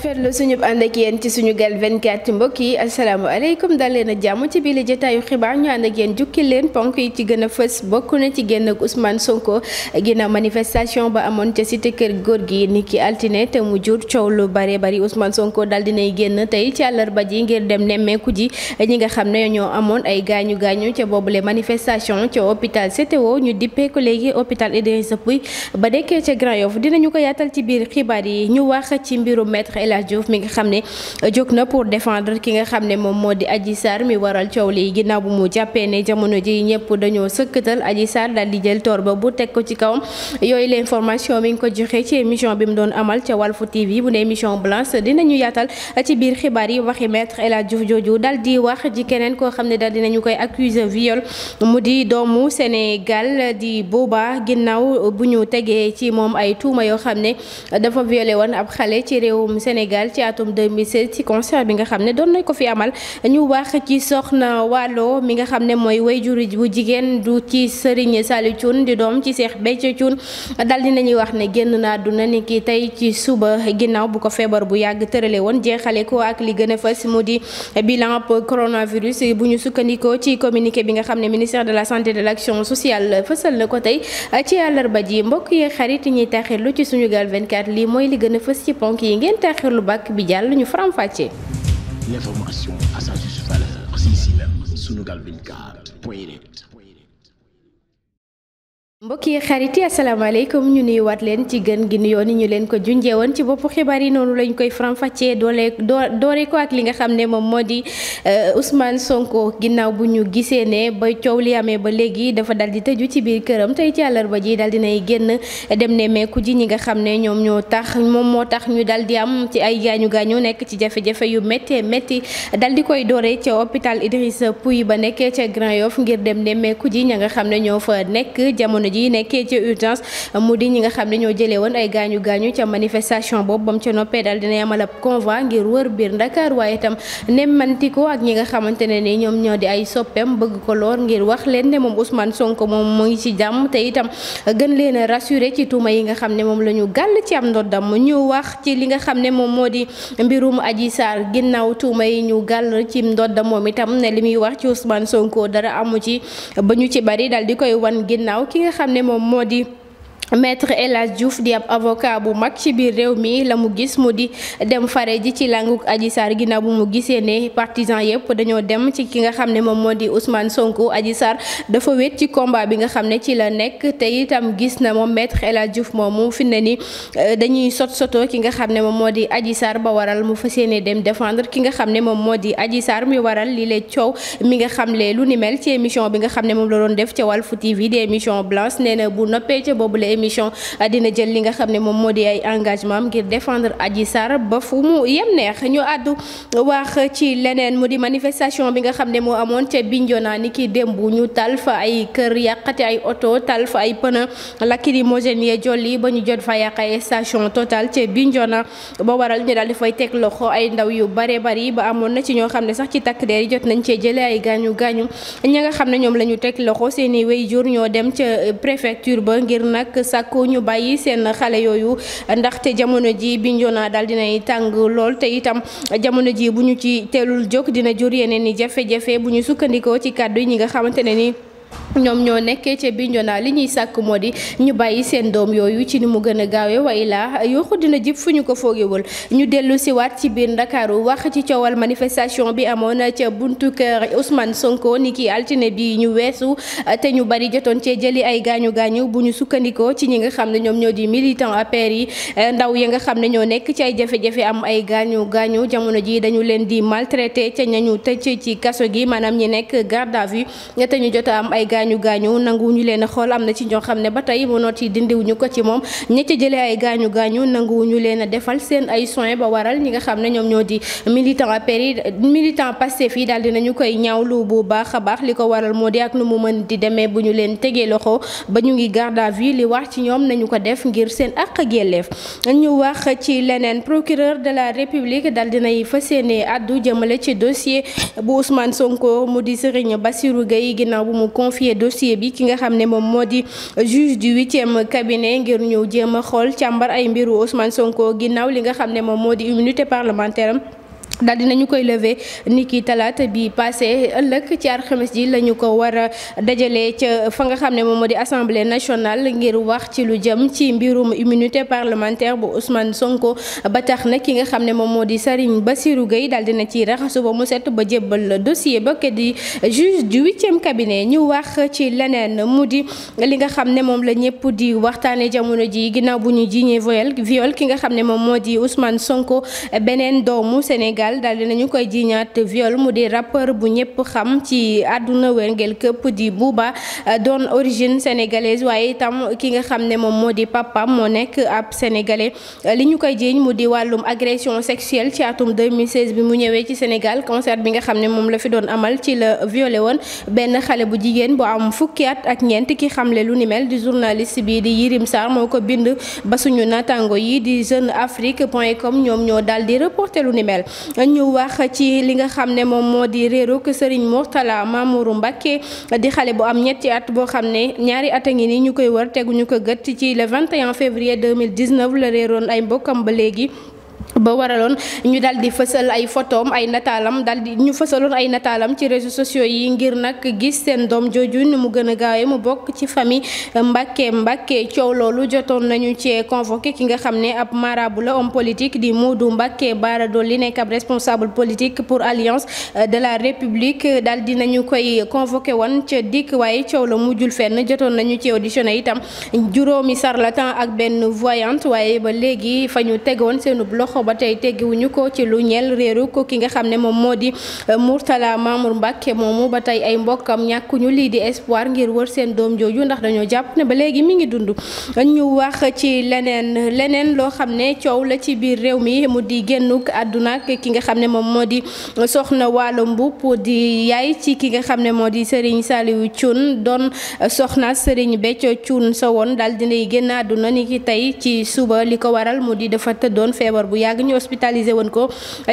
rafetlu suñu ànd ak yéen ci suñu gal 24 mbokk yi asalaamaaleykum dal leen jàmm ci biir jotaayu xibaar ñu ànd ak yéen jukki leen ponk yi ci gën a fës bokk na ci génn ak Ousmane Sonko na manifestation ba amoon ca cité kër góor gi ni ki altine te mu jur coow lu bare bari Ousmane Sonko dal dinay génn tey ci àllarba ji ngir dem nemmeeku ji ñi nga xam ne ñoo amoon ay gaañu gaañu ca boobule manifestation ca hôpital CTO ñu dippee ko léegi hôpital Idrissa Pouye ba dekkee ca ko yaatal ci biir xibaar yi ñu wax ci mbiru maître El Hadj Diouf mi nga xam ne eh, jóg na pour défendre ki nga xam ne moom moo di Adji Sarr mi waral coow li ginnaaw bu mu jàppee ne jamono ji ñëpp dañoo sëkkatal Adji Sarr daal di jël toor ba bu teg ko ci kawam yooyu l'information mi ngi ko joxe ci émission bi mu doon amal ca Walfu TV bu ne émission blanche dinañu yaatal eh, ci biir xibaar yi waxi maître El Hadj Diouf jooju daal di wax ji keneen koo xam ne daal dinañu koy accuser viol mu di doomu Sénégal di Boba ginnaaw bu ñu tegee ci moom ay tuuma yoo xam Sénégal ci atum 2016 ci concert bi nga xam ne doon nañ ko fi amal ñu wax ci soxna Waalo mi nga xam ne mooy wayjuri bu jigéen du ci Serigne Saliou Thioune di doom ci Cheikh Béthio Thioune dal di nañuy wax ne génn na àdduna ni ki tey ci suba ginnaaw bu ko feebar bu yàgg tërale woon jeexale ko ak li gën a fës mu di bilan coronavirus bu ñu sukkandikoo ci communiqué bi nga xam ne ministère de la santé de l'action sociale fësal na ko tey ci àllarba ji mbokk yi xarit ñuy taxirlu a fës natalu bàkk bi jàll ñu faram-fàccee. l'information à sa juste valeur, c'est ici même, mbokk yi xarit yi asalaamaaleykum ñu nuy waat leen ci gën gi nuyoo ñu leen ko junjee woon ci bopp xibaar yi noonu lañ koy faram-fàccee doole doore ko ak li nga xam ne moom moo di euh, Ousmane Sonko ginnaaw bu ñu gisee ne ba coow li amee ba léegi dafa dal di tëju ci biir këram tey ci àllarba ji dal dinay génn dem ne meeku ji ñi nga xam ne ñoom ñoo tax moom moo tax ñu dal di am ci ay gaañu gaañu nekk ci jafe-jafe yu méttee métti dal di koy doore ca hôpital Idrissa Pouye ba nekkee ca Grand Yoff ngir dem ne meeku ji ña nga xam ne ñoo fa nekk jamono ji nekkee ca urgence mu di ñi nga xam ne ñoo jëlee woon ay gaañu gaañu ca manifestation boobu bam ca noppee daal dina amal ab convoi ngir wër biir Ndakaar waaye tam nemmanti ak ñi nga xamante ne ni ñoom ñoo di ay soppeem bëgg ko loor ngir wax leen ne moom Ousmane Sonko moom mu ngi ci jàmm te itam gën leen a rassuré ci tuuma yi nga xam ne moom la ñu gàll ci am ndoddam ñu wax ci li nga xam ne moom moo di mbirum Adji Sarr ginnaaw tuuma yi ñu gàll ci ndoddam moom itam ne li muy wax ci Ousmane Sonko dara amu ci ba ñu ci bari dal di koy wan ginnaaw ki nga xam ne moom moo maître El Hadj Diouf di ab avocat bu mag ci biir réew mii la mu gis mu di dem fare ji ci langu Adji Sarr ginnaaw bu mu gisee ne partisan yëpp dañoo dem ci ki nga xam ne moom moo di Ousmane Sonko Adji Sarr dafa wét ci combat bi nga xam ne ci la nekk te itam gis na moom maître El Hadj Diouf moomu fi ne ni euh, dañuy sot soto ki nga xam ne moom moo di Adji Sarr ba waral mu fa yéene dem défendre ki nga xam ne moom moo di Adji Sarr mi waral li lee coow mi nga xam le lu ni mel ci émission bi nga xam ne moom la doon def ca Walf TV di émission blanche nee na bu noppee ca boobu émission euh, dina jël li nga xam ne moom moo di ay engagement ngir défendre Adji ba fu mu yem neex ñu àddu wax ci leneen mu di manifestation bi nga xam ne moo amoon ca Bignona ni ki démb ñu tal fa ay kër yàqate ay oto tal fa ay pneu lacrymogène yee jolli ba ñu jot fa yàq ay station Total ca Bignona ba waral ñu daal di fay teg loxo ay ndaw yu bare bari ba amoon na ci ñoo xam ne sax ci takk der yi jot nañ cee jëlee ay gaañu gaañu ña nga xam ne ñoom la ñu teg loxo seeni wéy jur ñoo dem ca préfecture sàkku ñu bàyyi seen xale yooyu ndaxte jamono ji naa daal dinay tàng lool te itam jamono ji bu ñu ci teelul jóg dina jur yeneen ni jafe-jafe bu ñu sukkandikoo ci kàddu yi ñi nga xamante ne ni ñoom ñoo nekkee ca Bignona li ñuy sàkk moo di ñu bàyyi seen doom yooyu ci ni mu gën a gaawee waaye laa yooxu dina jib fu ñu ko foogewul ñu dellu siwaat ci biir ndakaaru wax ci coowal manifestation bi amoon ca buntu kër Ousmane Sonko ni kii altine bi ñu weesu te ñu bari jotoon cee jëli ay gaañu gaañu bu ñu sukkandikoo ci ñi nga xam ne ñoom ñoo di militant APR yi ndaw yi nga xam ne ñoo nekk ci ay jafe-jafe am ay gaañu gaañu jamono ji dañu leen di maltraité ca ñañu tëj ci kaso gi maanaam ñi nekk garde gaañu gaañu nanguwuñu leen a xool am na ci ñoo xam ne ba tey mënoot yi dindiwuñu ko ci moom ñi ci jëlee ay gaañu gaañu nanguwuñu leen a defal seen ay soins ba waral ñi nga xam ne ñoom ñoo di militant APR yi militant Pastef yi daal dinañu koy ñaawlu bu baax a baax li ko waral moo di ak nu mu mën di demee bu ñu leen tegee loxo ba ñu ngi garde à vue li wax ci ñoom nañu ko def ngir seen ak yelleef ñu wax ci leneen procureur de la république dal dinay fas yéene addu jëmale ci dossier bu Ousmane Sonko mu di Serigne Bassirou Gueye ginnaaw bu mu confié étudier dossier bi ki nga xam ne moom moo di juge du huitième cabinet ngir ñëw jéem a xool càmbar ay mbiru Ousmane Sonko ginnaaw li nga xam ne moom moo di immunité parlementaire am daal dinañu koy lever ni ki talaata bi passé ëllëg ci alxames ji la ñu ko war a dajalee ca fa nga xam ne moom moo di assemblée nationale ngir wax ci lu jëm ci mbirum immunité parlementaire bu Ousmane Sonko ba tax na ki nga xam ne moom moo di Serigne siru Gueye daal na ci raxasu ba mu set ba jébbal dossier ba ke di juge du huitième cabinet ñu wax ci leneen mu di li nga xam ne moom la ñëpp di waxtaanee jamono ji ginnaaw bu ñu jiiñee viol viol ki nga xam ne moom moo di Ousmane Sonko beneen doomu Sénégal. Sénégal daal di nañu koy jiiñaat viole mu di rappeur bu ñëpp xam ci àdduna wërngel këpp di Booba euh, doon origine sénégalaise waaye itam ki nga xam ne moom moo di papam moo nekk ab sénégalais euh, li ñu koy jiiñ mu di wàllum agression sexuelle ci atum 2016 bi mu ñëwee ci Sénégal concert bi nga xam ne moom la fi doon amal ci la violé woon benn xale bu jigéen bu am fukki at ak ñeent ki xamle lu ni mel di journaliste bi di Yirim Sarr moo ko bind ba suñu natango yi di Jeune Afrique point com ñoom ñoo daal di reporté lu ni ñu wax ci li nga xam ne moom moo di réeruk Serigne Mourtala Mamourou Mbacké di xale bu am ñetti at boo xam ne ñaari at a ngi nii ñu koy wër teguñu ko gët ci le 21 février 2019 la réeroon ay mbokkam ba léegi. ba waraloon ñu daal di fësal ay photoom ay nataalam daal di ñu fësaloon ay nataalam ci réseaux sociaux yi ngir nag gis seen doom jooju ni mu gën a gaawee mu bokk ci famille Mbàkke Mbàkke coow loolu jotoon nañu ci convoqué ki nga xam ne ab marabu la homme politique di Modou Mbàkke Bara li nekk ab responsable politique pour Alliance de la République daal di nañu koy convoqué woon ca dikk waaye coow la mujjul fenn jotoon nañu ci auditionné itam juróomi charlatan ak benn voyante waaye ba léegi fa ñu tegoon seenu bloc loxo ba tey ñu ko ci lu ñel réeru ko ki nga xam ne moom moo di eh, Mourtala Mamour Mbacke moomu ba tey ay mbokkam ñàkkuñu lii di espoir ngir wër seen doom jooju ndax dañoo jàpp ne ba léegi mi ngi dund ñu wax ci leneen leneen loo xam ne coow la ci biir réew mi mu di génnuk àdduna ki nga xam ne moom moo di soxna Waalo Mbuup di yaay ci ki nga xam ne moo di Serigne Saliou Thioune doon eh, soxna Serigne Béthio Thioune sa woon daal dinay génn àdduna ni ki tey ci suba li ko waral mu di dafa tëddoon feebar bu yàgg ñu hospitalisé woon ko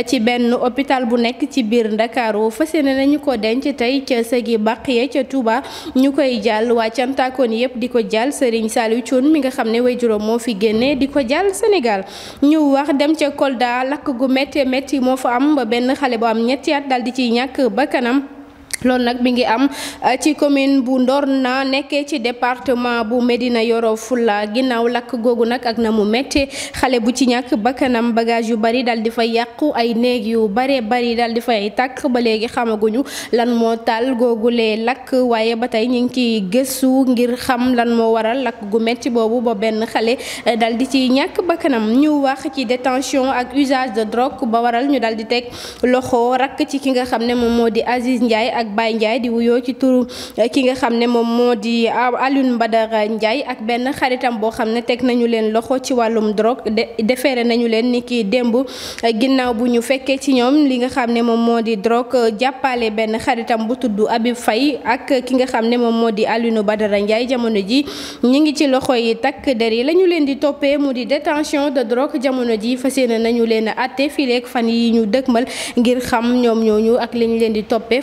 ci benn hôpital bu nekk ci biir Ndakaaru fas yéene nañu ko denc tey ca sëgi Baqiya ca Touba ñu koy jàll waa cantakoon yëpp di ko jàll Serigne Saliou Thioune mi nga xam ne way juróom moo fi génnee di ko jàll Sénégal ñu wax dem ca Kolda lakk gu métti métti moo fa am ba benn xale bu am ñetti at dal di ciy ñàkk bakkanam loolu nag bi ngi am eh, ci commune bu Ndorna nekkee ci département bu Médina Yoro Fula ginnaaw lakk googu nag ak na mu méttee xale bu ci ñàkk bakkanam bagage yu bari dal di fay yàqu ay néeg yu baree bari dal di fay tàkk ba léegi xamaguñu lan moo taal googule lakk waaye ba tey ñu ngi ciy gëstu ngir xam lan moo waral lakk gu métti boobu ba benn xale eh, dal di ci ñàkk bakkanam ñu wax ci détention ak usage de drogue ba waral ñu dal di teg loxo rakk ci ki nga xam ne moom moo di Aziz Ndiaye ak Baye Ndiaye di wuyoo ci turu eh, ki nga xam ne moom moo di ah, aline badara Ndiaye ak benn xaritam boo xam ne teg nañu leen loxo ci wàllum drogue defeere nañu leen ni ki démb eh, ginnaaw bu ñu fekkee ci ñoom li nga xam ne moom moo di drogue eh, jàppale benn xaritam bu tudd abi fay ak ki nga xam ne moom moo di aline Badara Ndiaye jamono ji ñu ngi ci loxo yi takk der yi lañu leen di toppee mu di détention de drogue jamono ji fa yéene nañu leen a àtte fileek fan yi ñu dëgmal ngir xam ñoom ñooñu ak leen di toppee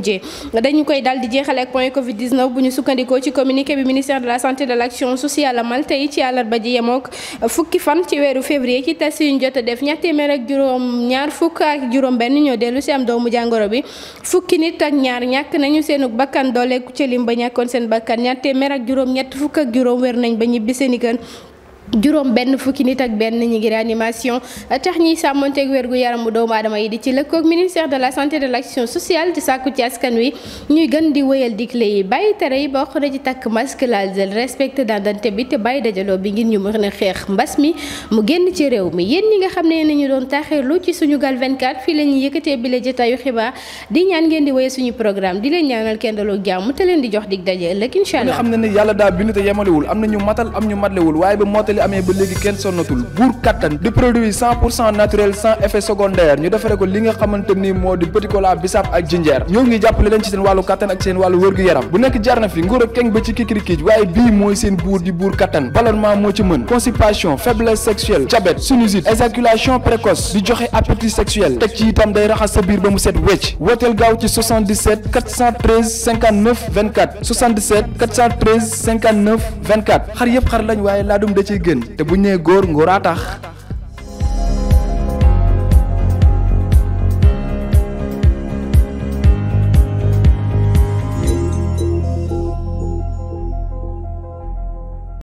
mujjee dañu koy dal di jeexale ak point Covid 19 bu ñu sukkandikoo ci communiqué bi ministère de la santé de l' action sociale amal tey ci àllarba ji yemook fukki fan ci weeru février ci test yu ñu jot a def ñetti mer ak juróom ñaar fukk ak juróom benn ñoo dellu si am doomu jàngoro bi fukki nit ak ñaar ñàkk nañu seenu bakkan dooleeku ci lim ba ñàkkoon seen bakkan ñaar téeméer ak juróom ñett fukk ak juróom weer nañ ba ñibbi seeni i kër juróom benn fukki nit ak benn ñi ngi réanimation tax ñiy sàmmonteeg wérgu yaramu doomu aadama yi di ci lëkkoog ministère de la santé de l' action sociale di sàkku ci wi ñuy gën di wëyal digle yi bàyyi tere yi bokk na ci takk masque laal gel respecté dandante bi te bàyyi dajaloo bi ngir ñu mën a xeex mbas mi mu génn ci réew mi yéen ñi nga xam ne nañu doon taaxirlu ci suñu gal 24 fii la ñuy yëkkatee bile jotaayu xibaar di ñaan ngeen di di leen ñaanal kenn daloo jàmm te leen amee ba léegi kenn sonnatul buur kattan di produit naturel sans effet secondaire ñu defare ko li nga xamante ni moo di petit bisaab ak jinjeer ñoo ngi jàppale leen ci seen wàllu kattan ak seen wàllu wërgu-yaram bu nekk jarna fi nguur ak keng ba ci kikirikiij waaye bii mooy seen buur di buur kattan ballonnement moo ci mën constipation faiblesse sexuelle diabète sinusite éjaculation précoce di joxe appétit sexuel teg ci itam day raxas sa biir ba da gën te bu ñu nee góor